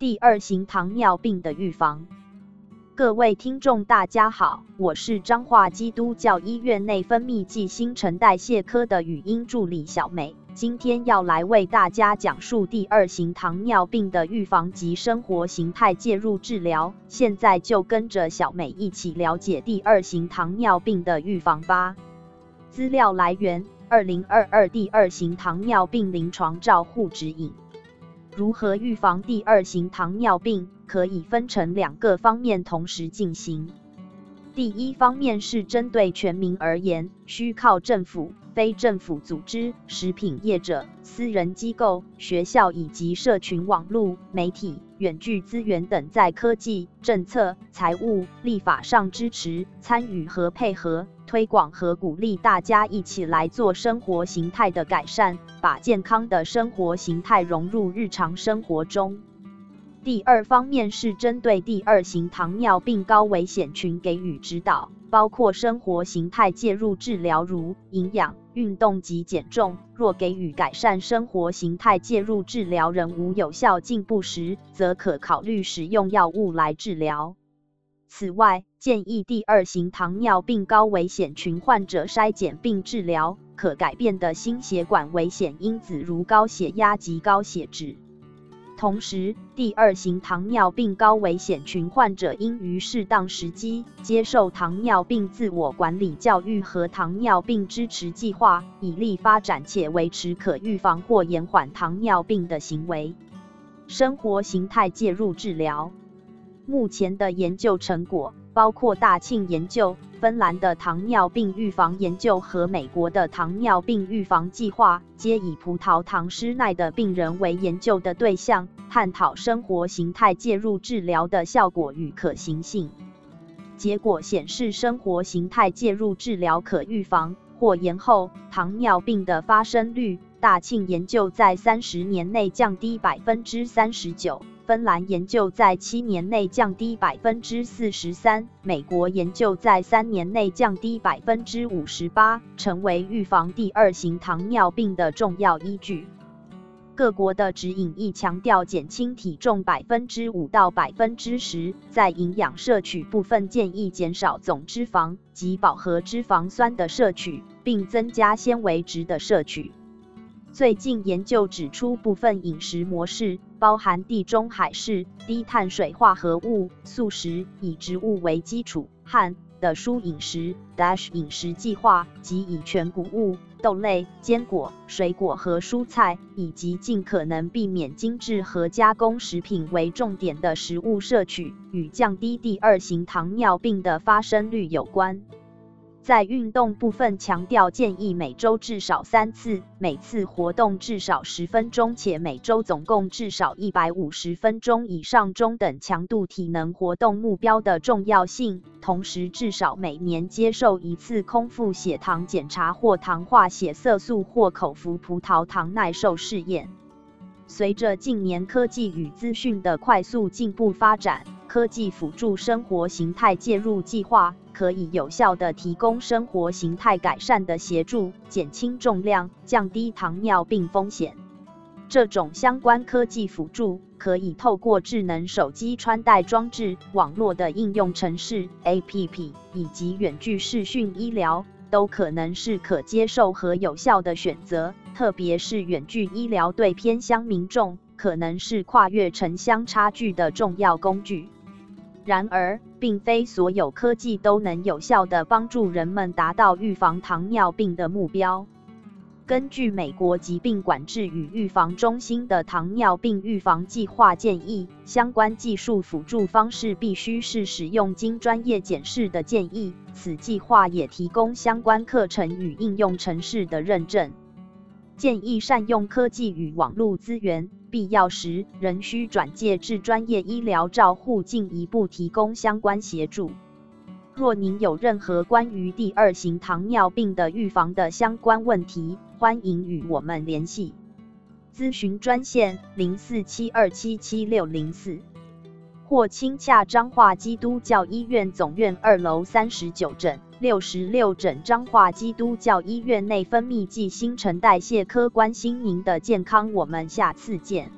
第二型糖尿病的預防。各位聽眾，大家好，我是彰化基督教醫院內分泌暨新陳代謝科的語音助理小美，今天要來為大家講述第二型糖尿病的預防及生活型態介入治療。現在就跟着小美一起了解第二型糖尿病的預防吧。資料來源：2022第二型糖尿病臨床照護指引。如何預防第二型糖尿病？可以分成兩個方面同時進行。第一方面是針對全民而言，需靠政府、非政府組織、食品業者、私人機構、學校以及社群網絡、媒體、遠距資源等，在科技、政策、財務、立法上支持、參與和配合，推廣和鼓勵大家一起來做生活形態的改善，把健康的生活形態融入日常生活中。第二方面是針對第二型糖尿病高危險群給予指導，包括生活形態介入治療，如營養、運動及減重。若給予改善生活形態介入治療仍無有效進步時，則可考慮使用藥物來治療。此外，建議第二型糖尿病高危險群患者篩檢並治療可改變的心血管危險因子，如高血壓及高血脂。同時，第二型糖尿病高危險群患者應於適當時機接受糖尿病自我管理教育和糖尿病支持計劃，以利發展且維持可預防或延緩糖尿病的行為。生活形態介入治療。目前的研究成果包括大慶研究、芬蘭的糖尿病預防研究和美國的糖尿病預防計劃，皆以葡萄糖失耐的病人為研究的對象，探討生活型態介入治療的效果與可行性。結果顯示，生活型態介入治療可預防或延後糖尿病的發生率。大慶研究在三十年內降低百分之三十九。芬蘭研究在七年內降低百分之四十三，美國研究在三年內降低百分之五十八，成為預防第二型糖尿病的重要依據。各國的指引亦強調減輕體重百分之五到百分之十，在營養攝取部分建議減少總脂肪及飽和脂肪酸的攝取，並增加纖維質的攝取。最近研究指出，部分飲食模式包含地中海式、低碳水化合物、素食以植物為基礎、漢的蔬飲食、dash 飲食計劃及以全穀物、豆類、堅果、水果和蔬菜，以及盡可能避免精製和加工食品為重點的食物攝取，與降低第二型糖尿病的發生率有關。在運動部分強調建議每周至少三次，每次活動至少十分鐘，且每周總共至少一百五十分鐘以上中等強度體能活動目標的重要性。同時，至少每年接受一次空腹血糖檢查或糖化血色素或口服葡萄糖耐受試驗。隨着近年科技與資訊的快速進步發展，科技輔助生活形態介入計劃可以有效地提供生活形態改善的協助，減輕重量，降低糖尿病風險。這種相關科技輔助可以透過智能手機穿戴裝置、網絡的應用程式 （APP） 以及遠距視訊醫療，都可能是可接受和有效的選擇，特別是遠距醫療對偏鄉民眾可能是跨越城鄉差距的重要工具。然而，並非所有科技都能有效地幫助人們達到預防糖尿病的目標。根據美國疾病管制與預防中心的糖尿病預防計劃建議，相關技術輔助方式必須是使用經專業檢視的建議。此計劃也提供相關課程與應用程式的認證，建議善用科技與網絡資源。必要時仍需轉介至專業醫療照護，進一步提供相關協助。若您有任何關於第二型糖尿病的預防的相關問題，歡迎與我們聯繫。諮詢專線：零四七二七七六零四。或親洽彰化基督教醫院總院二樓三十九診、六十六診，彰化基督教醫院內分泌暨新陳代謝科，關心您的健康。我們下次見。